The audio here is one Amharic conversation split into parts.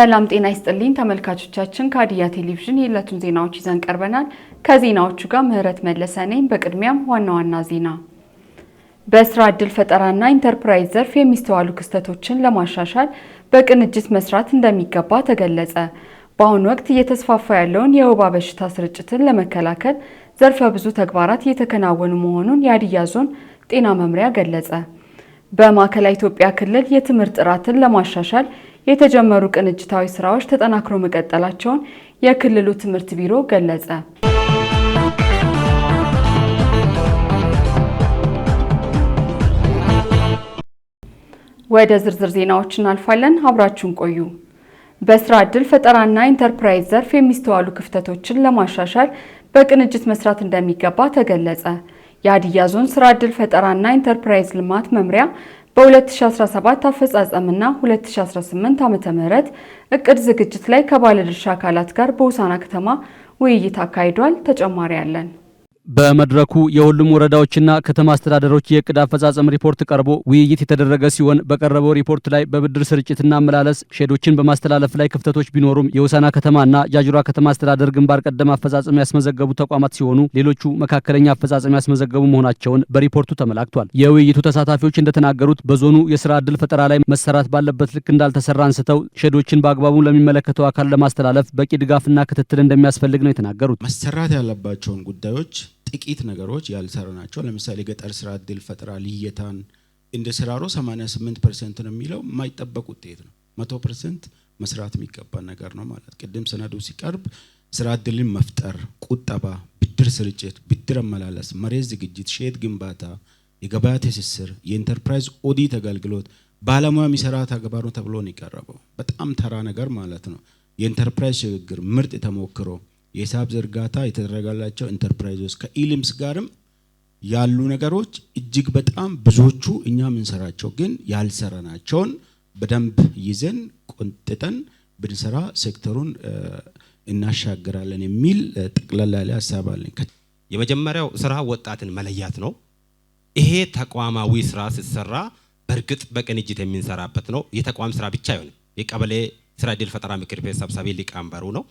ሰላም ጤና ይስጥልኝ ተመልካቾቻችን፣ ከሀዲያ ቴሌቪዥን የዕለቱን ዜናዎች ይዘን ቀርበናል። ከዜናዎቹ ጋር ምህረት መለሰ ነኝ። በቅድሚያም ዋና ዋና ዜና። በስራ ዕድል ፈጠራና ኢንተርፕራይዝ ዘርፍ የሚስተዋሉ ክስተቶችን ለማሻሻል በቅንጅት መስራት እንደሚገባ ተገለጸ። በአሁኑ ወቅት እየተስፋፋ ያለውን የወባ በሽታ ስርጭትን ለመከላከል ዘርፈ ብዙ ተግባራት እየተከናወኑ መሆኑን የሀዲያ ዞን ጤና መምሪያ ገለጸ። በማዕከላዊ ኢትዮጵያ ክልል የትምህርት ጥራትን ለማሻሻል የተጀመሩ ቅንጅታዊ ስራዎች ተጠናክሮ መቀጠላቸውን የክልሉ ትምህርት ቢሮ ገለጸ። ወደ ዝርዝር ዜናዎች እናልፋለን። አብራችሁን ቆዩ። በስራ ዕድል ፈጠራና ኢንተርፕራይዝ ዘርፍ የሚስተዋሉ ክፍተቶችን ለማሻሻል በቅንጅት መስራት እንደሚገባ ተገለጸ። የሀዲያ ዞን ስራ ዕድል ፈጠራና ኢንተርፕራይዝ ልማት መምሪያ በ2017 አፈጻጸምና 2018 ዓ.ም እቅድ ዝግጅት ላይ ከባለድርሻ አካላት ጋር በውሳና ከተማ ውይይት አካሂዷል። ተጨማሪ አለን። በመድረኩ የሁሉም ወረዳዎችና ከተማ አስተዳደሮች የእቅድ አፈጻጸም ሪፖርት ቀርቦ ውይይት የተደረገ ሲሆን በቀረበው ሪፖርት ላይ በብድር ስርጭትና አመላለስ ሼዶችን በማስተላለፍ ላይ ክፍተቶች ቢኖሩም የሆሳዕና ከተማና ጃጁራ ከተማ አስተዳደር ግንባር ቀደም አፈጻጸም ያስመዘገቡ ተቋማት ሲሆኑ ሌሎቹ መካከለኛ አፈጻጸም ያስመዘገቡ መሆናቸውን በሪፖርቱ ተመላክቷል። የውይይቱ ተሳታፊዎች እንደተናገሩት በዞኑ የስራ ዕድል ፈጠራ ላይ መሰራት ባለበት ልክ እንዳልተሰራ አንስተው ሼዶችን በአግባቡ ለሚመለከተው አካል ለማስተላለፍ በቂ ድጋፍና ክትትል እንደሚያስፈልግ ነው የተናገሩት። መሰራት ያለባቸውን ጉዳዮች ጥቂት ነገሮች ናቸው። ለምሳሌ ገጠር ስራ እድል ፈጠራ፣ ልየታን እንደ ስራሮ 88 ፐርሰንት ነው የሚለው የማይጠበቅ ውጤት ነው። መቶ ፐርሰንት መስራት የሚገባ ነገር ነው ማለት ቅድም ሰነዱ ሲቀርብ ስራ እድልን መፍጠር፣ ቁጠባ፣ ብድር ስርጭት፣ ብድር አመላለስ፣ መሬት ዝግጅት፣ ሼድ ግንባታ፣ የገበያ ትስስር፣ የኢንተርፕራይዝ ኦዲት አገልግሎት ባለሙያ የሚሰራ ተግባር ነው ተብሎ ነው የቀረበው። በጣም ተራ ነገር ማለት ነው። የኢንተርፕራይዝ ሽግግር ምርጥ ተሞክሮ የሂሳብ ዝርጋታ የተደረጋላቸው ኢንተርፕራይዞች ከኢልምስ ጋርም ያሉ ነገሮች እጅግ በጣም ብዙዎቹ እኛ ምንሰራቸው ግን ያልሰራናቸውን በደንብ ይዘን ቆንጥጠን ብንሰራ ሴክተሩን እናሻግራለን የሚል ጠቅላላ ላይ ሀሳብ የመጀመሪያው ስራ ወጣትን መለያት ነው። ይሄ ተቋማዊ ስራ ስትሰራ በእርግጥ በቅንጅት የሚንሰራበት ነው። የተቋም ስራ ብቻ አይሆንም። የቀበሌ ስራ ዕድል ፈጠራ ምክር ቤት ሰብሳቢ ሊቀመንበሩ ነው።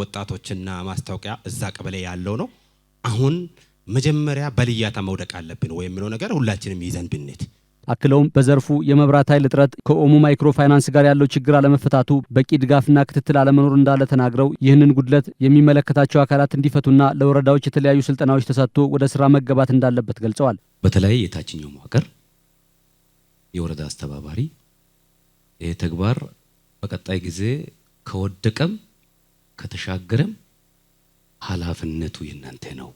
ወጣቶችና ማስታወቂያ እዛ ቀበሌ ያለው ነው። አሁን መጀመሪያ በልያታ መውደቅ አለብን ወይ የሚለው ነገር ሁላችንም ይዘን ብንት አክለውም በዘርፉ የመብራት ኃይል እጥረት ከኦሞ ማይክሮ ፋይናንስ ጋር ያለው ችግር አለመፈታቱ፣ በቂ ድጋፍና ክትትል አለመኖር እንዳለ ተናግረው ይህንን ጉድለት የሚመለከታቸው አካላት እንዲፈቱና ለወረዳዎች የተለያዩ ስልጠናዎች ተሰጥቶ ወደ ስራ መገባት እንዳለበት ገልጸዋል። በተለይ የታችኛው መዋቅር የወረዳ አስተባባሪ ይህ ተግባር በቀጣይ ጊዜ ከወደቀም ከተሻገረም ኃላፊነቱ የእናንተ ነው።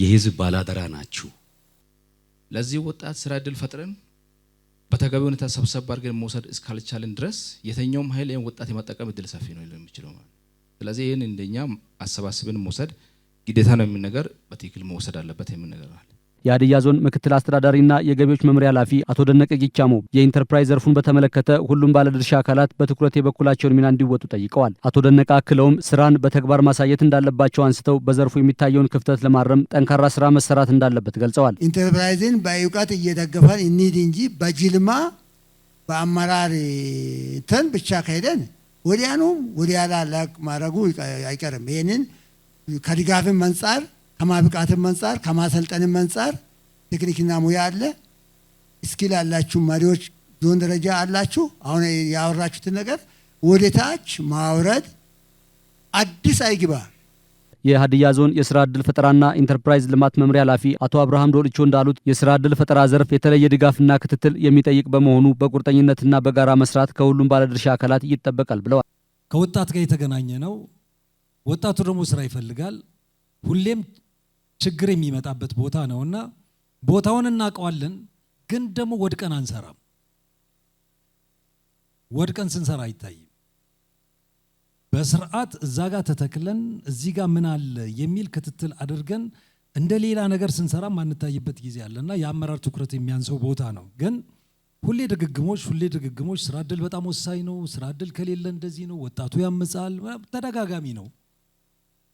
የህዝብ ባላደራ ናችሁ። ለዚህ ወጣት ስራ እድል ፈጥረን በተገቢ ሁኔታ ሰብሰብ አድርገን መውሰድ እስካልቻልን ድረስ የተኛውም ኃይል ይህን ወጣት የመጠቀም እድል ሰፊ ነው የሚችለው ማለት ስለዚህ ይህን እንደኛ አሰባስብን መውሰድ ግዴታ ነው የሚል ነገር በትክክል መውሰድ አለበት የሚል ነገር አለ። የሀዲያ ዞን ምክትል አስተዳዳሪና የገቢዎች መምሪያ ኃላፊ አቶ ደነቀ ጊቻሞ የኢንተርፕራይዝ ዘርፉን በተመለከተ ሁሉም ባለድርሻ አካላት በትኩረት የበኩላቸውን ሚና እንዲወጡ ጠይቀዋል። አቶ ደነቀ አክለውም ስራን በተግባር ማሳየት እንዳለባቸው አንስተው በዘርፉ የሚታየውን ክፍተት ለማረም ጠንካራ ስራ መሰራት እንዳለበት ገልጸዋል። ኢንተርፕራይዝን በእውቀት እየደገፈን እንሂድ እንጂ በጅልማ በአመራር እንትን ብቻ ከሄደን ወዲያኑ ወዲያላ ለቅ ማድረጉ አይቀርም። ይህንን ከድጋፍን አንጻር ከማብቃትም አንጻር ከማሰልጠንም አንጻር ቴክኒክና ሙያ አለ። ስኪል አላችሁ፣ መሪዎች ዞን ደረጃ አላችሁ። አሁን ያወራችሁትን ነገር ወደታች ማውረድ አዲስ አይግባ። የሀዲያ ዞን የስራ ዕድል ፈጠራና ኢንተርፕራይዝ ልማት መምሪያ ኃላፊ አቶ አብርሃም ዶልቾ እንዳሉት የስራ ዕድል ፈጠራ ዘርፍ የተለየ ድጋፍና ክትትል የሚጠይቅ በመሆኑ በቁርጠኝነትና በጋራ መስራት ከሁሉም ባለድርሻ አካላት ይጠበቃል ብለዋል። ከወጣት ጋር የተገናኘ ነው። ወጣቱ ደግሞ ስራ ይፈልጋል። ሁሌም ችግር የሚመጣበት ቦታ ነውና ቦታውን እናውቀዋለን፣ ግን ደግሞ ወድቀን አንሰራም። ወድቀን ስንሰራ አይታይም። በስርዓት እዛ ጋር ተተክለን እዚህ ጋር ምን አለ የሚል ክትትል አድርገን እንደ ሌላ ነገር ስንሰራ ማንታይበት ጊዜ አለና የአመራር ትኩረት የሚያንሰው ቦታ ነው። ግን ሁሌ ድግግሞች ሁሌ ድግግሞች፣ ስራ እድል በጣም ወሳኝ ነው። ስራ እድል ከሌለ እንደዚህ ነው፣ ወጣቱ ያምጻል፣ ተደጋጋሚ ነው።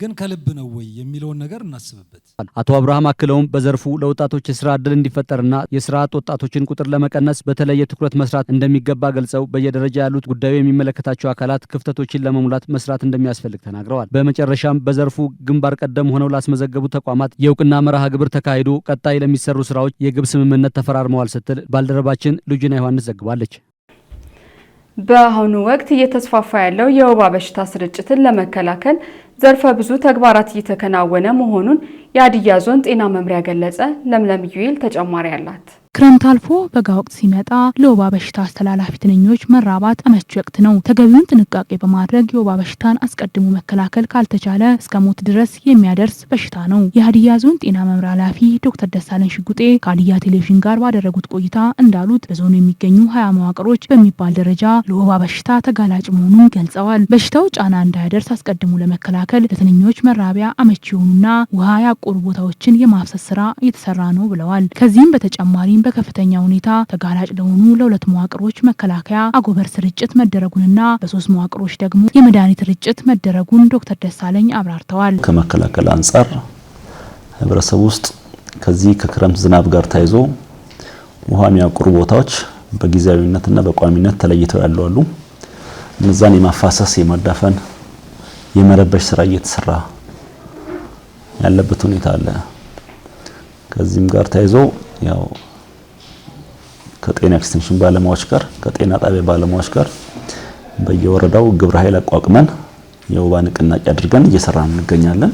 ግን ከልብ ነው ወይ የሚለውን ነገር እናስብበት። አቶ አብርሃም አክለውም በዘርፉ ለወጣቶች የስራ እድል እንዲፈጠርና የስራ አጥ ወጣቶችን ቁጥር ለመቀነስ በተለየ ትኩረት መስራት እንደሚገባ ገልጸው በየደረጃ ያሉት ጉዳዩ የሚመለከታቸው አካላት ክፍተቶችን ለመሙላት መስራት እንደሚያስፈልግ ተናግረዋል። በመጨረሻም በዘርፉ ግንባር ቀደም ሆነው ላስመዘገቡ ተቋማት የእውቅና መርሃ ግብር ተካሂዶ ቀጣይ ለሚሰሩ ስራዎች የግብ ስምምነት ተፈራርመዋል ስትል ባልደረባችን ልጅና ዮሐንስ ዘግባለች። በአሁኑ ወቅት እየተስፋፋ ያለው የወባ በሽታ ስርጭትን ለመከላከል ዘርፈ ብዙ ተግባራት እየተከናወነ መሆኑን የሀዲያ ዞን ጤና መምሪያ ገለጸ። ለምለም ዩኤል ተጨማሪ አላት። ክረምት አልፎ በጋ ወቅት ሲመጣ ለወባ በሽታ አስተላላፊ ትንኞች መራባት አመቺ ወቅት ነው። ተገቢውን ጥንቃቄ በማድረግ የወባ በሽታን አስቀድሞ መከላከል ካልተቻለ እስከ ሞት ድረስ የሚያደርስ በሽታ ነው። የሀዲያ ዞን ጤና መምሪያ ኃላፊ ዶክተር ደሳለኝ ሽጉጤ ከሀዲያ ቴሌቪዥን ጋር ባደረጉት ቆይታ እንዳሉት በዞኑ የሚገኙ ሀያ መዋቅሮች በሚባል ደረጃ ለወባ በሽታ ተጋላጭ መሆኑን ገልጸዋል። በሽታው ጫና እንዳያደርስ አስቀድሞ ለመከላከል ለትንኞች መራቢያ አመቺ የሆኑና ውሃ ያቆሩ ቦታዎችን የማፍሰስ ስራ እየተሰራ ነው ብለዋል። ከዚህም በተጨማሪም በከፍተኛ ሁኔታ ተጋላጭ ለሆኑ ለሁለት መዋቅሮች መከላከያ አጎበር ስርጭት መደረጉንና በሶስት መዋቅሮች ደግሞ የመድኃኒት ርጭት መደረጉን ዶክተር ደሳለኝ አብራርተዋል። ከመከላከል አንጻር ህብረተሰብ ውስጥ ከዚህ ከክረምት ዝናብ ጋር ተያይዞ ውሃ የሚያቁሩ ቦታዎች በጊዜያዊነትና በቋሚነት ተለይተው ያሉ አሉ። እነዛን የማፋሰስ የማዳፈን፣ የመረበሽ ስራ እየተሰራ ያለበት ሁኔታ አለ። ከዚህም ጋር ተያይዞ ያው ከጤና ኤክስቴንሽን ባለሙያዎች ጋር ከጤና ጣቢያ ባለሙያዎች ጋር በየወረዳው ግብረ ኃይል አቋቁመን የወባ ንቅናቄ አድርገን እየሰራን እንገኛለን።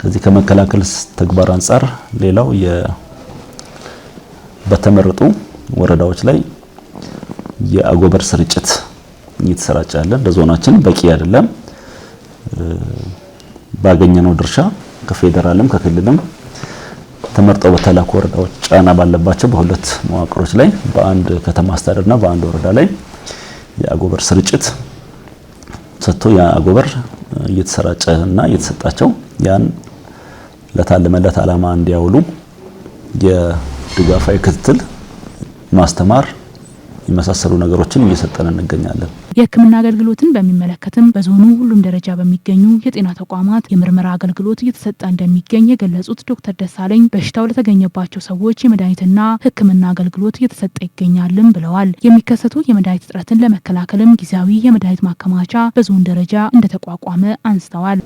ከዚህ ከመከላከል ተግባር አንጻር ሌላው በተመረጡ ወረዳዎች ላይ የአጎበር ስርጭት እየተሰራጨ ያለ ለዞናችን በቂ አይደለም። ባገኘነው ድርሻ ከፌዴራልም ከክልልም ተመርጠው በተላኩ ወረዳዎች ጫና ባለባቸው በሁለት መዋቅሮች ላይ በአንድ ከተማ አስተዳደርና በአንድ ወረዳ ላይ የአጎበር ስርጭት ሰጥቶ ያ አጎበር እየተሰራጨና እየተሰጣቸው ያን ለታለመለት ዓላማ እንዲያውሉ የድጋፋዊ ክትትል ማስተማር የመሳሰሉ ነገሮችን እየሰጠን እንገኛለን። የሕክምና አገልግሎትን በሚመለከትም በዞኑ ሁሉም ደረጃ በሚገኙ የጤና ተቋማት የምርመራ አገልግሎት እየተሰጠ እንደሚገኝ የገለጹት ዶክተር ደሳለኝ በሽታው ለተገኘባቸው ሰዎች የመድኃኒትና ሕክምና አገልግሎት እየተሰጠ ይገኛልም ብለዋል። የሚከሰቱ የመድኃኒት እጥረትን ለመከላከልም ጊዜያዊ የመድኃኒት ማከማቻ በዞን ደረጃ እንደተቋቋመ አንስተዋል።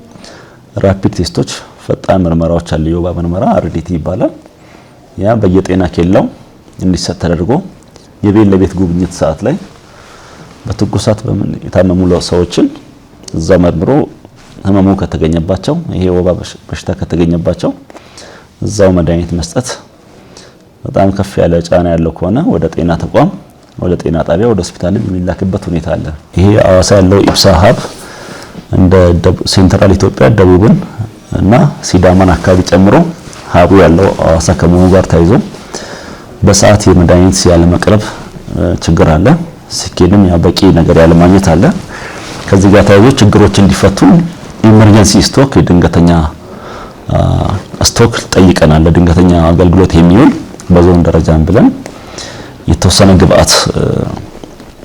ራፒድ ቴስቶች፣ ፈጣን ምርመራዎች አለ። የወባ ምርመራ አርዲቲ ይባላል። ያ በየጤና ኬላው እንዲሰጥ ተደርጎ የቤት ለቤት ጉብኝት ሰዓት ላይ በትኩሳት በምን የታመሙ ሰዎችን እዛ መርምሮ ህመሙ ከተገኘባቸው ይሄ ወባ በሽታ ከተገኘባቸው እዛው መድኃኒት መስጠት። በጣም ከፍ ያለ ጫና ያለው ከሆነ ወደ ጤና ተቋም፣ ወደ ጤና ጣቢያ፣ ወደ ሆስፒታልም የሚላክበት ሁኔታ አለ። ይሄ አዋሳ ያለው ኢብሳ ሀብ እንደ ሴንትራል ኢትዮጵያ ደቡብን እና ሲዳማን አካባቢ ጨምሮ ሀቡ ያለው አዋሳ ከመሆኑ ጋር ተያይዞ በሰዓት የመድኃኒት ያለመቅረብ ችግር አለ። ሲኬድም ያ በቂ ነገር ያለማግኘት አለ። ከዚህ ጋር ተያይዞ ችግሮች እንዲፈቱ ኢመርጀንሲ ስቶክ የድንገተኛ ስቶክ ጠይቀናል። ለድንገተኛ አገልግሎት የሚውል በዞን ደረጃም ብለን የተወሰነ ግብአት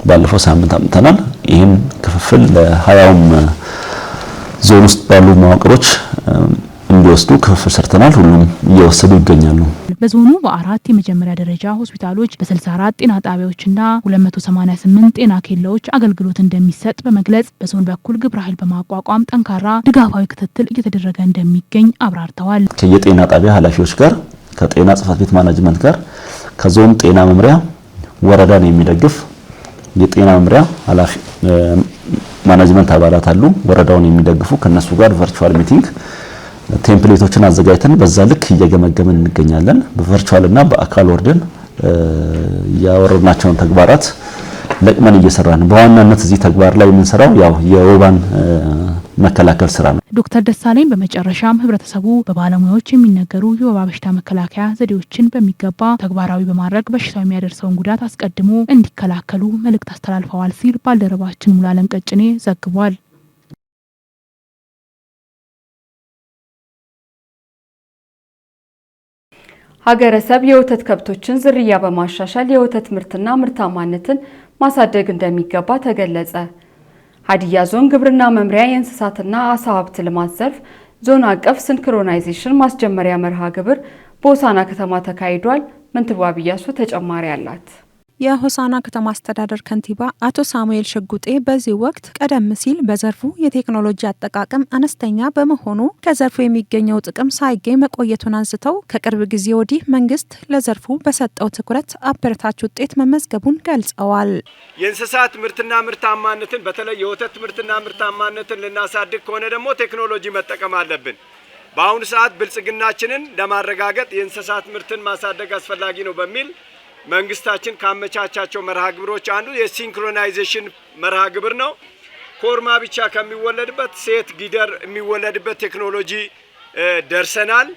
ባለፈው ሳምንት አምጥተናል። ይህን ክፍፍል ለሀያውም ዞን ውስጥ ባሉ መዋቅሮች እንዲወስዱ ክፍፍል ሰርተናል። ሁሉም እየወሰዱ ይገኛሉ። በዞኑ በአራት የመጀመሪያ ደረጃ ሆስፒታሎች በ64 ጤና ጣቢያዎችና 288 ጤና ኬላዎች አገልግሎት እንደሚሰጥ በመግለጽ በዞን በኩል ግብረ ኃይል በማቋቋም ጠንካራ ድጋፋዊ ክትትል እየተደረገ እንደሚገኝ አብራርተዋል። ከየጤና ጣቢያ ኃላፊዎች ጋር ከጤና ጽፈት ቤት ማናጅመንት ጋር ከዞን ጤና መምሪያ ወረዳን የሚደግፍ የጤና መምሪያ ኃላፊ ማናጅመንት አባላት አሉ። ወረዳውን የሚደግፉ ከነሱ ጋር ቨርቹዋል ሚቲንግ ቴምፕሌቶችን አዘጋጅተን በዛ ልክ እየገመገምን እንገኛለን። በቨርቹዋልና በአካል ወርደን ያወረድናቸውን ተግባራት ለቅመን ነው። በዋናነት እዚህ ተግባር ላይ የምንሰራው ያው የወባን መከላከል ስራ ነው። ዶክተር ደሳለኝ በመጨረሻም ህብረተሰቡ በባለሙያዎች የሚነገሩ የወባ በሽታ መከላከያ ዘዴዎችን በሚገባ ተግባራዊ በማድረግ በሽታው የሚያደርሰውን ጉዳት አስቀድሞ እንዲከላከሉ መልእክት አስተላልፈዋል ሲል ባልደረባችን ሙላለም ቀጭኔ ዘግቧል። ሀገረሰብ የወተት ከብቶችን ዝርያ በማሻሻል የወተት ምርትና ምርታማነትን ማሳደግ እንደሚገባ ተገለጸ። ሀዲያ ዞን ግብርና መምሪያ የእንስሳትና አሳ ሀብት ልማት ዘርፍ ዞን አቀፍ ሲንክሮናይዜሽን ማስጀመሪያ መርሃ ግብር በሆሳዕና ከተማ ተካሂዷል። ምንትዋብ እያሱ ተጨማሪ አላት። የሆሳና ከተማ አስተዳደር ከንቲባ አቶ ሳሙኤል ሽጉጤ በዚህ ወቅት ቀደም ሲል በዘርፉ የቴክኖሎጂ አጠቃቀም አነስተኛ በመሆኑ ከዘርፉ የሚገኘው ጥቅም ሳይገኝ መቆየቱን አንስተው ከቅርብ ጊዜ ወዲህ መንግስት ለዘርፉ በሰጠው ትኩረት አበረታች ውጤት መመዝገቡን ገልጸዋል። የእንስሳት ምርትና ምርታማነትን በተለይ የወተት ምርትና ምርታማነትን ልናሳድግ ከሆነ ደግሞ ቴክኖሎጂ መጠቀም አለብን። በአሁኑ ሰዓት ብልጽግናችንን ለማረጋገጥ የእንስሳት ምርትን ማሳደግ አስፈላጊ ነው በሚል መንግስታችን ካመቻቻቸው መርሃ ግብሮች አንዱ የሲንክሮናይዜሽን መርሃ ግብር ነው። ኮርማ ብቻ ከሚወለድበት ሴት ጊደር የሚወለድበት ቴክኖሎጂ ደርሰናል።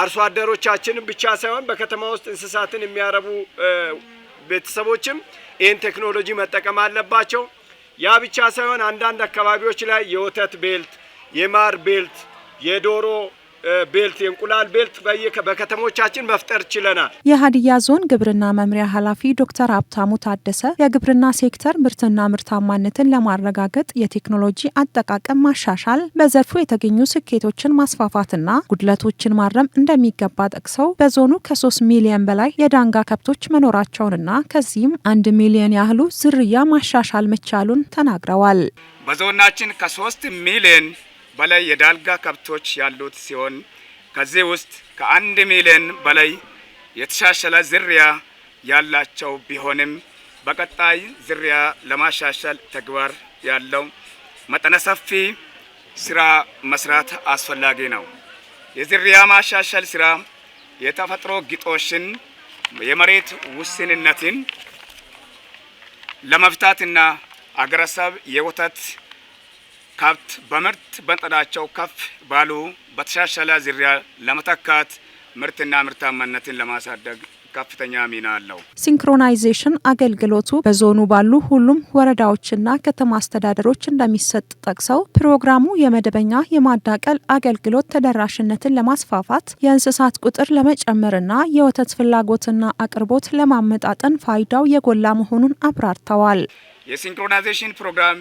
አርሶ አደሮቻችንም ብቻ ሳይሆን በከተማ ውስጥ እንስሳትን የሚያረቡ ቤተሰቦችም ይህን ቴክኖሎጂ መጠቀም አለባቸው። ያ ብቻ ሳይሆን አንዳንድ አካባቢዎች ላይ የወተት ቤልት፣ የማር ቤልት፣ የዶሮ ቤልት የእንቁላል ቤልት በከተሞቻችን መፍጠር ችለናል። የሀዲያ ዞን ግብርና መምሪያ ኃላፊ ዶክተር ሀብታሙ ታደሰ የግብርና ሴክተር ምርትና ምርታማነትን ለማረጋገጥ የቴክኖሎጂ አጠቃቀም ማሻሻል፣ በዘርፉ የተገኙ ስኬቶችን ማስፋፋትና ጉድለቶችን ማረም እንደሚገባ ጠቅሰው በዞኑ ከሶስት ሚሊዮን በላይ የዳንጋ ከብቶች መኖራቸውንና ከዚህም አንድ ሚሊዮን ያህሉ ዝርያ ማሻሻል መቻሉን ተናግረዋል። በዞናችን ከሶስት ሚሊዮን በላይ የዳልጋ ከብቶች ያሉት ሲሆን ከዚህ ውስጥ ከአንድ ሚሊዮን በላይ የተሻሸለ ዝርያ ያላቸው ቢሆንም በቀጣይ ዝርያ ለማሻሻል ተግባር ያለው መጠነ ሰፊ ስራ መስራት አስፈላጊ ነው። የዝርያ ማሻሻል ስራ የተፈጥሮ ግጦሽን፣ የመሬት ውስንነትን ለመፍታትና አገረሰብ የወተት ከብት በምርት መጠናቸው ከፍ ባሉ በተሻሻለ ዝርያ ለመተካት ምርትና ምርታማነትን ለማሳደግ ከፍተኛ ሚና አለው። ሲንክሮናይዜሽን አገልግሎቱ በዞኑ ባሉ ሁሉም ወረዳዎችና ከተማ አስተዳደሮች እንደሚሰጥ ጠቅሰው ፕሮግራሙ የመደበኛ የማዳቀል አገልግሎት ተደራሽነትን ለማስፋፋት፣ የእንስሳት ቁጥር ለመጨመርና የወተት ፍላጎትና አቅርቦት ለማመጣጠን ፋይዳው የጎላ መሆኑን አብራርተዋል። የሲንክሮናይዜሽን ፕሮግራም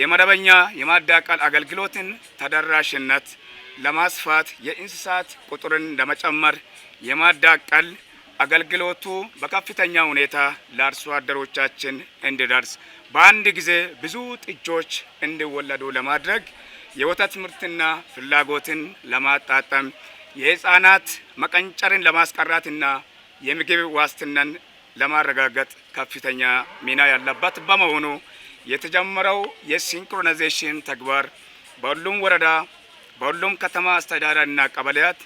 የመደበኛ የማዳቀል አገልግሎትን ተደራሽነት ለማስፋት የእንስሳት ቁጥርን ለመጨመር የማዳቀል አገልግሎቱ በከፍተኛ ሁኔታ ለአርሶ አደሮቻችን እንዲደርስ በአንድ ጊዜ ብዙ ጥጆች እንዲወለዱ ለማድረግ የወተት ምርትና ፍላጎትን ለማጣጠም የህፃናት መቀንጨርን ለማስቀራትና የምግብ ዋስትናን ለማረጋገጥ ከፍተኛ ሚና ያለበት በመሆኑ የተጀመረው የሲንክሮናይዜሽን ተግባር በሁሉም ወረዳ፣ በሁሉም ከተማ አስተዳደርና ቀበሌያት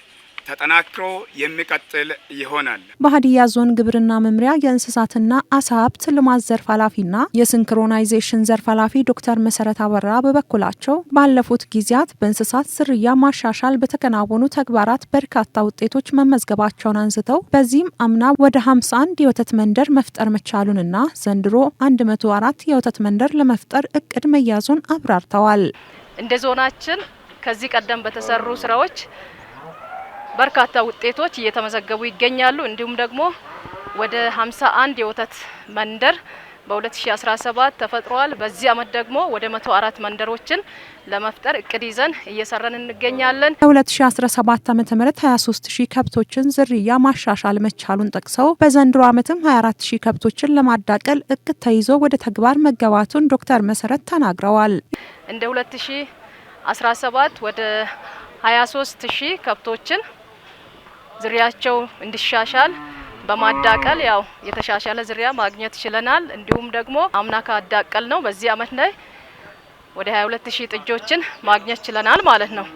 ተጠናክሮ የሚቀጥል ይሆናል። በሀዲያ ዞን ግብርና መምሪያ የእንስሳትና አሳ ሀብት ልማት ዘርፍ ኃላፊና የሲንክሮናይዜሽን ዘርፍ ኃላፊ ዶክተር መሰረት አበራ በበኩላቸው ባለፉት ጊዜያት በእንስሳት ዝርያ ማሻሻል በተከናወኑ ተግባራት በርካታ ውጤቶች መመዝገባቸውን አንስተው በዚህም አምና ወደ 51 የወተት መንደር መፍጠር መቻሉንና ዘንድሮ 104 የወተት መንደር ለመፍጠር እቅድ መያዙን አብራርተዋል። እንደ ዞናችን ከዚህ ቀደም በተሰሩ ስራዎች በርካታ ውጤቶች እየተመዘገቡ ይገኛሉ። እንዲሁም ደግሞ ወደ 51 የወተት መንደር በ2017 ተፈጥሯል። በዚህ አመት ደግሞ ወደ 104 መንደሮችን ለመፍጠር እቅድ ይዘን እየሰራን እንገኛለን። በ2017 ዓ ም 23 ሺህ ከብቶችን ዝርያ ማሻሻል መቻሉን ጠቅሰው በዘንድሮ ዓመትም 24 ሺህ ከብቶችን ለማዳቀል እቅድ ተይዞ ወደ ተግባር መገባቱን ዶክተር መሰረት ተናግረዋል። እንደ 2017 ወደ 23 ሺህ ከብቶችን ዝርያቸው እንዲሻሻል በማዳቀል ያው የተሻሻለ ዝርያ ማግኘት ችለናል። እንዲሁም ደግሞ አምና ካዳቀል ነው በዚህ አመት ላይ ወደ 22000 ጥጆችን ማግኘት ችለናል ማለት ነው።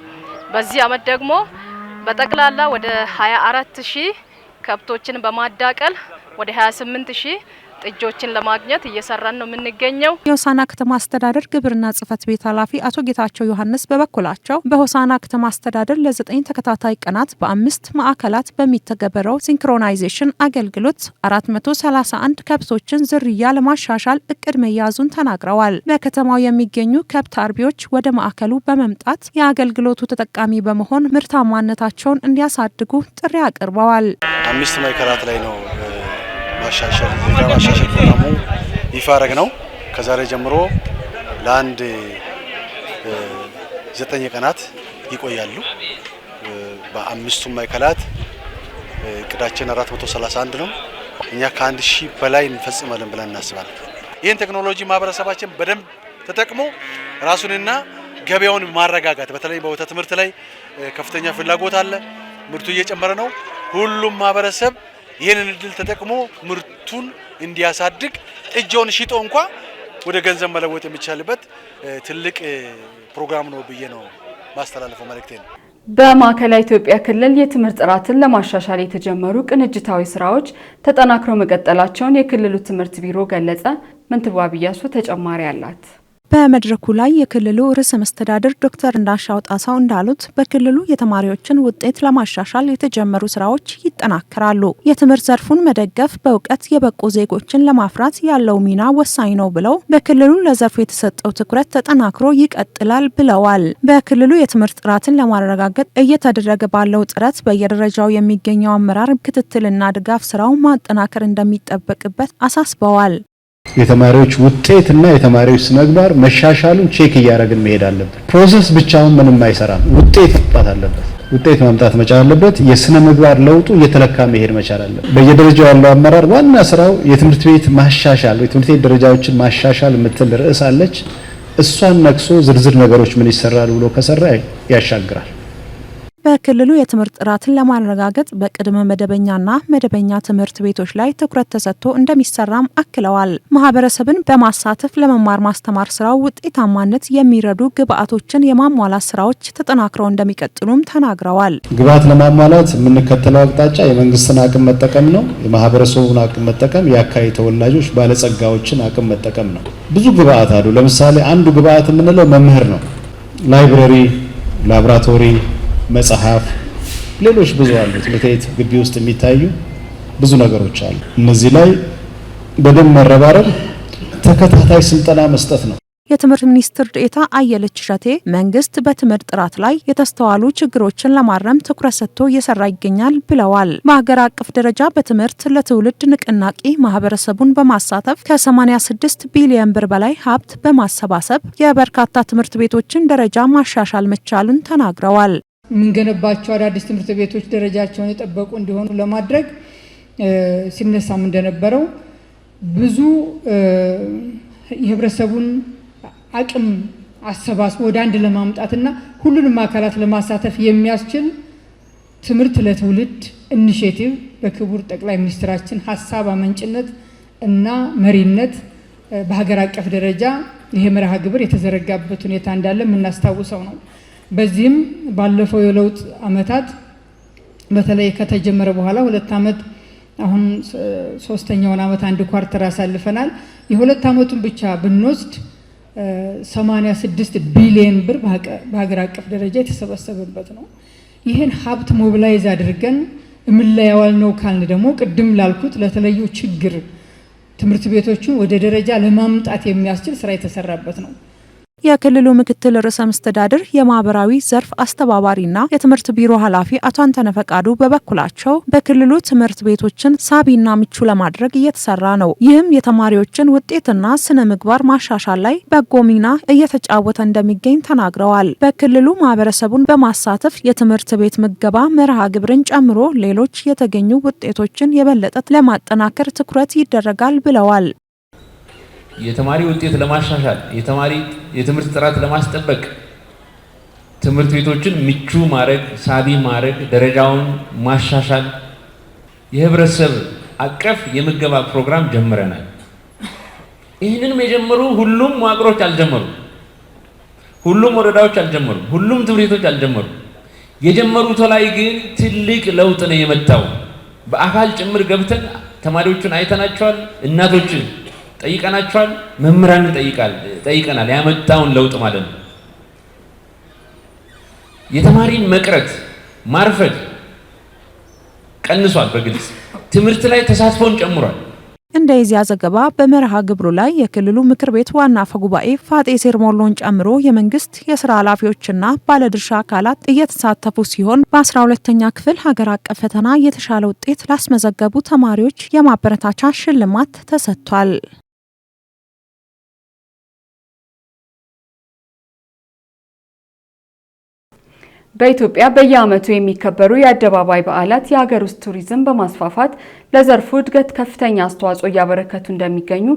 በዚህ አመት ደግሞ በጠቅላላ ወደ 24000 ሺህ ከብቶችን በማዳቀል ወደ 28 ሺህ እጆችን ለማግኘት እየሰራን ነው የምንገኘው። የሆሳና ከተማ አስተዳደር ግብርና ጽሕፈት ቤት ኃላፊ አቶ ጌታቸው ዮሐንስ በበኩላቸው በሆሳና ከተማ አስተዳደር ለዘጠኝ ተከታታይ ቀናት በአምስት ማዕከላት በሚተገበረው ሲንክሮናይዜሽን አገልግሎት 431 ከብቶችን ዝርያ ለማሻሻል እቅድ መያዙን ተናግረዋል። በከተማው የሚገኙ ከብት አርቢዎች ወደ ማዕከሉ በመምጣት የአገልግሎቱ ተጠቃሚ በመሆን ምርታማነታቸውን እንዲያሳድጉ ጥሪ አቅርበዋል። አምስት ማዕከላት ላይ ነው ማሻሻል ማሻሻል ፕሮግራሙ ይፋ አረግ ነው። ከዛሬ ጀምሮ ለአንድ ዘጠኝ ቀናት ይቆያሉ። በአምስቱም ማዕከላት እቅዳችን 431 ነው። እኛ ከአንድ ሺህ በላይ እንፈጽማለን ብለን እናስባለን። ይህን ቴክኖሎጂ ማህበረሰባችን በደንብ ተጠቅሞ ራሱንና ገበያውን ማረጋጋት፣ በተለይ በወተት ምርት ላይ ከፍተኛ ፍላጎት አለ። ምርቱ እየጨመረ ነው። ሁሉም ማህበረሰብ ይህንን እድል ተጠቅሞ ምርቱን እንዲያሳድግ ጥጃውን ሽጦ እንኳ ወደ ገንዘብ መለወጥ የሚቻልበት ትልቅ ፕሮግራም ነው ብዬ ነው ማስተላለፈው መልእክቴ ነው። በማዕከላዊ ኢትዮጵያ ክልል የትምህርት ጥራትን ለማሻሻል የተጀመሩ ቅንጅታዊ ስራዎች ተጠናክረው መቀጠላቸውን የክልሉ ትምህርት ቢሮ ገለጸ። ምንትዋብ እያሱ ተጨማሪ አላት። በመድረኩ ላይ የክልሉ ርዕሰ መስተዳድር ዶክተር እንዳሻው ጣሳው እንዳሉት በክልሉ የተማሪዎችን ውጤት ለማሻሻል የተጀመሩ ስራዎች ይጠናከራሉ። የትምህርት ዘርፉን መደገፍ በእውቀት የበቁ ዜጎችን ለማፍራት ያለው ሚና ወሳኝ ነው ብለው በክልሉ ለዘርፉ የተሰጠው ትኩረት ተጠናክሮ ይቀጥላል ብለዋል። በክልሉ የትምህርት ጥራትን ለማረጋገጥ እየተደረገ ባለው ጥረት በየደረጃው የሚገኘው አመራር ክትትልና ድጋፍ ስራው ማጠናከር እንደሚጠበቅበት አሳስበዋል። የተማሪዎች ውጤት እና የተማሪዎች ስነግባር መሻሻሉን ቼክ እያደረግን መሄድ አለበት። ፕሮሰስ ብቻውን ምንም አይሰራም። ውጤት መምጣት አለበት። ውጤት መምጣት መቻል አለበት። የስነ ምግባር ለውጡ እየተለካ መሄድ መቻል አለበት። በየደረጃው ያለው አመራር ዋና ስራው የትምህርት ቤት ማሻሻል፣ የትምህርት ቤት ደረጃዎችን ማሻሻል የምትል ርዕስ አለች። እሷን ነክሶ ዝርዝር ነገሮች ምን ይሰራል ብሎ ከሰራ ያሻግራል። በክልሉ የትምህርት ጥራትን ለማረጋገጥ በቅድመ መደበኛና መደበኛ ትምህርት ቤቶች ላይ ትኩረት ተሰጥቶ እንደሚሰራም አክለዋል። ማህበረሰብን በማሳተፍ ለመማር ማስተማር ስራው ውጤታማነት የሚረዱ ግብአቶችን የማሟላት ስራዎች ተጠናክረው እንደሚቀጥሉም ተናግረዋል። ግብአት ለማሟላት የምንከተለው አቅጣጫ የመንግስትን አቅም መጠቀም ነው። የማህበረሰቡን አቅም መጠቀም፣ የአካባቢ ተወላጆች ባለጸጋዎችን አቅም መጠቀም ነው። ብዙ ግብአት አሉ። ለምሳሌ አንዱ ግብአት የምንለው መምህር ነው። ላይብረሪ፣ ላቦራቶሪ መጽሐፍ፣ ሌሎች ብዙ አሉ። ትምህርት ቤት ግቢ ውስጥ የሚታዩ ብዙ ነገሮች አሉ። እነዚህ ላይ በደንብ መረባረብ፣ ተከታታይ ስልጠና መስጠት ነው። የትምህርት ሚኒስትር ዴኤታ አየለች እሸቴ መንግስት በትምህርት ጥራት ላይ የተስተዋሉ ችግሮችን ለማረም ትኩረት ሰጥቶ እየሰራ ይገኛል ብለዋል። በሀገር አቀፍ ደረጃ በትምህርት ለትውልድ ንቅናቄ ማህበረሰቡን በማሳተፍ ከ86 ቢሊዮን ብር በላይ ሀብት በማሰባሰብ የበርካታ ትምህርት ቤቶችን ደረጃ ማሻሻል መቻሉን ተናግረዋል። የምንገነባቸው አዳዲስ ትምህርት ቤቶች ደረጃቸውን የጠበቁ እንዲሆኑ ለማድረግ ሲነሳም እንደነበረው ብዙ የህብረተሰቡን አቅም አሰባስቦ ወደ አንድ ለማምጣትና ሁሉንም አካላት ለማሳተፍ የሚያስችል ትምህርት ለትውልድ ኢኒሽቲቭ በክቡር ጠቅላይ ሚኒስትራችን ሀሳብ አመንጭነት እና መሪነት በሀገር አቀፍ ደረጃ ይሄ መርሃ ግብር የተዘረጋበት ሁኔታ እንዳለ የምናስታውሰው ነው። በዚህም ባለፈው የለውጥ አመታት በተለይ ከተጀመረ በኋላ ሁለት ዓመት አሁን ሶስተኛውን ዓመት አንድ ኳርተር አሳልፈናል። የሁለት ዓመቱን ብቻ ብንወስድ 86 ቢሊየን ብር በሀገር አቀፍ ደረጃ የተሰበሰበበት ነው። ይህን ሀብት ሞብላይዝ አድርገን ምን ላይ ካልን ደግሞ ቅድም ላልኩት ለተለዩ ችግር ትምህርት ቤቶቹን ወደ ደረጃ ለማምጣት የሚያስችል ስራ የተሰራበት ነው። የክልሉ ምክትል ርዕሰ መስተዳድር የማህበራዊ ዘርፍ አስተባባሪና የትምህርት ቢሮ ኃላፊ አቶ አንተነ ፈቃዱ በበኩላቸው በክልሉ ትምህርት ቤቶችን ሳቢና ምቹ ለማድረግ እየተሰራ ነው፣ ይህም የተማሪዎችን ውጤትና ስነ ምግባር ማሻሻል ላይ በጎ ሚና እየተጫወተ እንደሚገኝ ተናግረዋል። በክልሉ ማህበረሰቡን በማሳተፍ የትምህርት ቤት ምገባ መርሃ ግብርን ጨምሮ ሌሎች የተገኙ ውጤቶችን የበለጠት ለማጠናከር ትኩረት ይደረጋል ብለዋል። የተማሪ ውጤት ለማሻሻል የተማሪ የትምህርት ጥራት ለማስጠበቅ ትምህርት ቤቶችን ምቹ ማድረግ፣ ሳቢ ማድረግ፣ ደረጃውን ማሻሻል የህብረተሰብ አቀፍ የምገባ ፕሮግራም ጀምረናል። ይህንንም የጀመሩ ሁሉም መዋቅሮች አልጀመሩም። ሁሉም ወረዳዎች አልጀመሩም። ሁሉም ትምህርት ቤቶች አልጀመሩም። የጀመሩት ላይ ግን ትልቅ ለውጥ ነው የመጣው። በአካል ጭምር ገብተን ተማሪዎቹን አይተናቸዋል። እናቶችን ጠይቀናቸዋል። መምህራን ጠይቃል ጠይቀናል። ያመጣውን ለውጥ ማለት ነው። የተማሪን መቅረት ማርፈድ ቀንሷል። በግልጽ ትምህርት ላይ ተሳትፎን ጨምሯል። እንደ ኢዜአ ዘገባ በመርሃ ግብሩ ላይ የክልሉ ምክር ቤት ዋና ጉባኤ ፋጤ ሴርሞሎን ጨምሮ የመንግስት የስራ ኃላፊዎችና ባለድርሻ አካላት እየተሳተፉ ሲሆን በ12ተኛ ክፍል ሀገር አቀፍ ፈተና የተሻለ ውጤት ላስመዘገቡ ተማሪዎች የማበረታቻ ሽልማት ተሰጥቷል። በኢትዮጵያ በየዓመቱ የሚከበሩ የአደባባይ በዓላት የሀገር ውስጥ ቱሪዝም በማስፋፋት ለዘርፉ እድገት ከፍተኛ አስተዋጽኦ እያበረከቱ እንደሚገኙ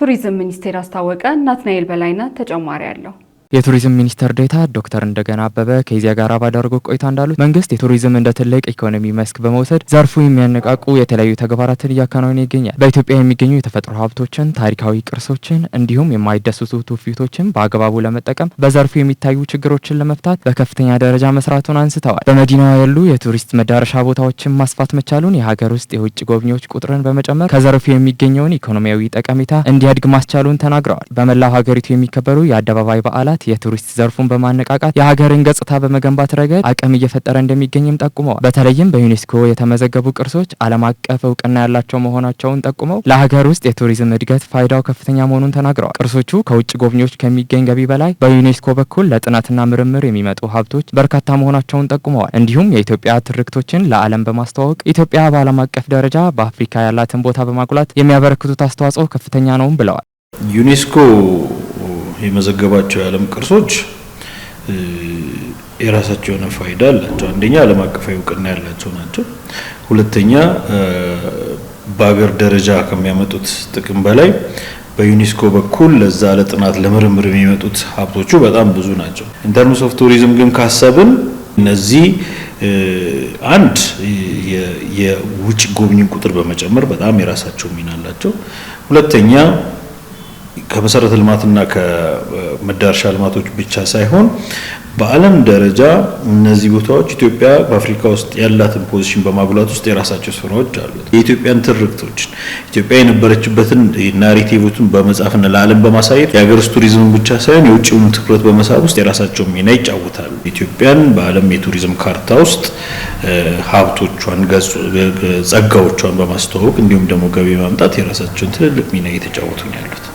ቱሪዝም ሚኒስቴር አስታወቀ። ናትናኤል በላይና ተጨማሪ አለው። የቱሪዝም ሚኒስተር ዴታ ዶክተር እንደገና አበበ ከዚያ ጋር ባደረጉት ቆይታ እንዳሉት መንግስት የቱሪዝም እንደ ትልቅ ኢኮኖሚ መስክ በመውሰድ ዘርፉ የሚያነቃቁ የተለያዩ ተግባራትን እያከናወነ ይገኛል። በኢትዮጵያ የሚገኙ የተፈጥሮ ሀብቶችን፣ ታሪካዊ ቅርሶችን እንዲሁም የማይዳሰሱ ትውፊቶችን በአግባቡ ለመጠቀም በዘርፉ የሚታዩ ችግሮችን ለመፍታት በከፍተኛ ደረጃ መስራቱን አንስተዋል። በመዲናዋ ያሉ የቱሪስት መዳረሻ ቦታዎችን ማስፋት መቻሉን፣ የሀገር ውስጥ የውጭ ጎብኚዎች ቁጥርን በመጨመር ከዘርፉ የሚገኘውን ኢኮኖሚያዊ ጠቀሜታ እንዲያድግ ማስቻሉን ተናግረዋል። በመላው ሀገሪቱ የሚከበሩ የአደባባይ በዓላት የቱሪስት ዘርፉን በማነቃቃት የሀገርን ገጽታ በመገንባት ረገድ አቅም እየፈጠረ እንደሚገኝም ጠቁመዋል። በተለይም በዩኔስኮ የተመዘገቡ ቅርሶች ዓለም አቀፍ እውቅና ያላቸው መሆናቸውን ጠቁመው ለሀገር ውስጥ የቱሪዝም እድገት ፋይዳው ከፍተኛ መሆኑን ተናግረዋል። ቅርሶቹ ከውጭ ጎብኚዎች ከሚገኝ ገቢ በላይ በዩኔስኮ በኩል ለጥናትና ምርምር የሚመጡ ሀብቶች በርካታ መሆናቸውን ጠቁመዋል። እንዲሁም የኢትዮጵያ ትርክቶችን ለዓለም በማስተዋወቅ ኢትዮጵያ በዓለም አቀፍ ደረጃ በአፍሪካ ያላትን ቦታ በማጉላት የሚያበረክቱት አስተዋጽኦ ከፍተኛ ነውም ብለዋል። ዩኔስኮ የመዘገባቸው የዓለም ቅርሶች የራሳቸው የሆነ ፋይዳ አላቸው። አንደኛ ዓለም አቀፋዊ እውቅና ያላቸው ናቸው። ሁለተኛ በሀገር ደረጃ ከሚያመጡት ጥቅም በላይ በዩኔስኮ በኩል ለዛ ለጥናት ለምርምር የሚመጡት ሀብቶቹ በጣም ብዙ ናቸው። ኢንተርምስ ኦፍ ቱሪዝም ግን ካሰብን እነዚህ አንድ የውጭ ጎብኝ ቁጥር በመጨመር በጣም የራሳቸው ሚና አላቸው። ሁለተኛ ከመሰረተ ልማትና ከመዳረሻ ልማቶች ብቻ ሳይሆን በዓለም ደረጃ እነዚህ ቦታዎች ኢትዮጵያ በአፍሪካ ውስጥ ያላትን ፖዚሽን በማጉላት ውስጥ የራሳቸው ስፍራዎች አሉት። የኢትዮጵያን ትርክቶችን ኢትዮጵያ የነበረችበትን ናሬቲቮችን በመጻፍና ለዓለም በማሳየት የሀገር ውስጥ ቱሪዝም ብቻ ሳይሆን የውጭውን ትኩረት በመሳብ ውስጥ የራሳቸው ሚና ይጫወታሉ። ኢትዮጵያን በዓለም የቱሪዝም ካርታ ውስጥ ሀብቶቿን፣ ጸጋዎቿን በማስተዋወቅ እንዲሁም ደግሞ ገቢ ማምጣት የራሳቸውን ትልልቅ ሚና እየተጫወቱ ነው ያሉት።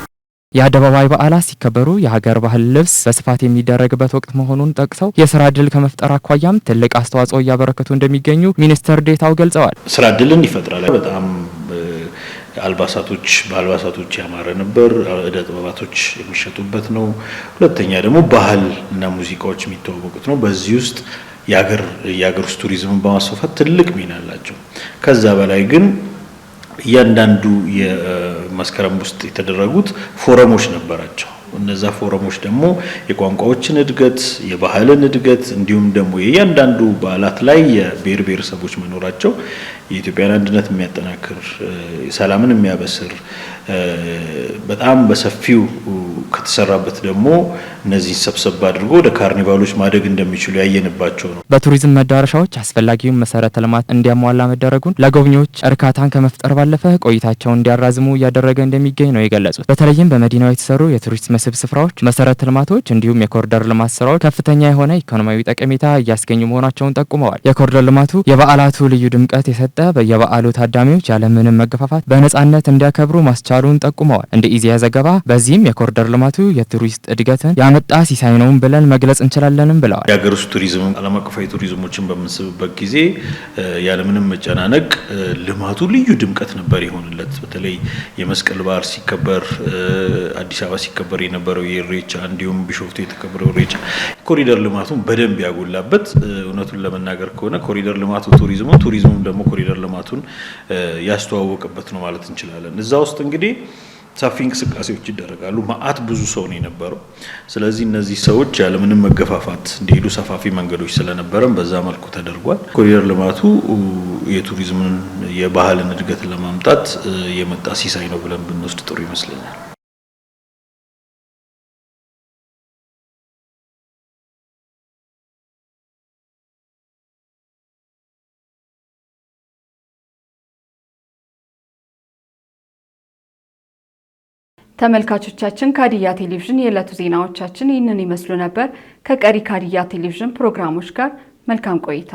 የአደባባይ በዓላት ሲከበሩ የሀገር ባህል ልብስ በስፋት የሚደረግበት ወቅት መሆኑን ጠቅሰው የስራ እድል ከመፍጠር አኳያም ትልቅ አስተዋጽኦ እያበረከቱ እንደሚገኙ ሚኒስትር ዴታው ገልጸዋል። ስራ እድልን ይፈጥራል። በጣም አልባሳቶች በአልባሳቶች ያማረ ነበር። እደ ጥበባቶች የሚሸጡበት ነው። ሁለተኛ ደግሞ ባህል እና ሙዚቃዎች የሚተዋወቁት ነው። በዚህ ውስጥ የሀገር ውስጥ ቱሪዝምን በማስፋፋት ትልቅ ሚና አላቸው። ከዛ በላይ ግን እያንዳንዱ መስከረም ውስጥ የተደረጉት ፎረሞች ነበራቸው። እነዛ ፎረሞች ደግሞ የቋንቋዎችን እድገት፣ የባህልን እድገት እንዲሁም ደግሞ የእያንዳንዱ በዓላት ላይ የብሔር ብሔረሰቦች መኖራቸው የኢትዮጵያን አንድነት የሚያጠናክር ሰላምን የሚያበስር በጣም በሰፊው ከተሰራበት ደግሞ እነዚህ ሰብሰብ አድርጎ ወደ ካርኒቫሎች ማደግ እንደሚችሉ ያየንባቸው ነው። በቱሪዝም መዳረሻዎች አስፈላጊውን መሰረተ ልማት እንዲያሟላ መደረጉን ለጎብኚዎች እርካታን ከመፍጠር ባለፈ ቆይታቸውን እንዲያራዝሙ እያደረገ እንደሚገኝ ነው የገለጹት። በተለይም በመዲናው የተሰሩ የቱሪስት መስህብ ስፍራዎች፣ መሰረተ ልማቶች እንዲሁም የኮሪደር ልማት ስራዎች ከፍተኛ የሆነ ኢኮኖሚያዊ ጠቀሜታ እያስገኙ መሆናቸውን ጠቁመዋል። የኮሪደር ልማቱ የበዓላቱ ልዩ ድምቀት የሰጠ በየበዓሉ ታዳሚዎች ያለምንም መገፋፋት በነጻነት እንዲያከብሩ ማስቻሉን ጠቁመዋል። እንደ ኢዜአ ዘገባ በዚህም የኮሪደር ልማቱ የቱሪስት እድገትን ያመጣ ሲሳይ ነውም ብለን መግለጽ እንችላለንም ብለዋል። የሀገር ውስጥ ቱሪዝም ዓለም አቀፋዊ ቱሪዝሞችን በምንስብበት ጊዜ ያለምንም መጨናነቅ ልማቱ ልዩ ድምቀት ነበር የሆንለት። በተለይ የመስቀል በዓል ሲከበር፣ አዲስ አበባ ሲከበር የነበረው የኢሬቻ እንዲሁም ቢሾፍቱ የተከበረው ኢሬቻ ኮሪደር ልማቱን በደንብ ያጎላበት እውነቱን ለመናገር ከሆነ ኮሪደር ልማቱ ቱሪዝሙ ቱሪዝሙም ደግሞ ኮሪደር የኮሪደር ልማቱን ያስተዋወቅበት ነው ማለት እንችላለን። እዛ ውስጥ እንግዲህ ሰፊ እንቅስቃሴዎች ይደረጋሉ። ማአት ብዙ ሰው ነው የነበረው። ስለዚህ እነዚህ ሰዎች ያለምንም መገፋፋት እንዲሄዱ ሰፋፊ መንገዶች ስለነበረም በዛ መልኩ ተደርጓል። ኮሪደር ልማቱ የቱሪዝምን የባህልን እድገትን ለማምጣት የመጣ ሲሳይ ነው ብለን ብንወስድ ጥሩ ይመስለኛል። ተመልካቾቻችን ሀዲያ ቴሌቪዥን የዕለቱ ዜናዎቻችን ይህንን ይመስሉ ነበር። ከቀሪ ሀዲያ ቴሌቪዥን ፕሮግራሞች ጋር መልካም ቆይታ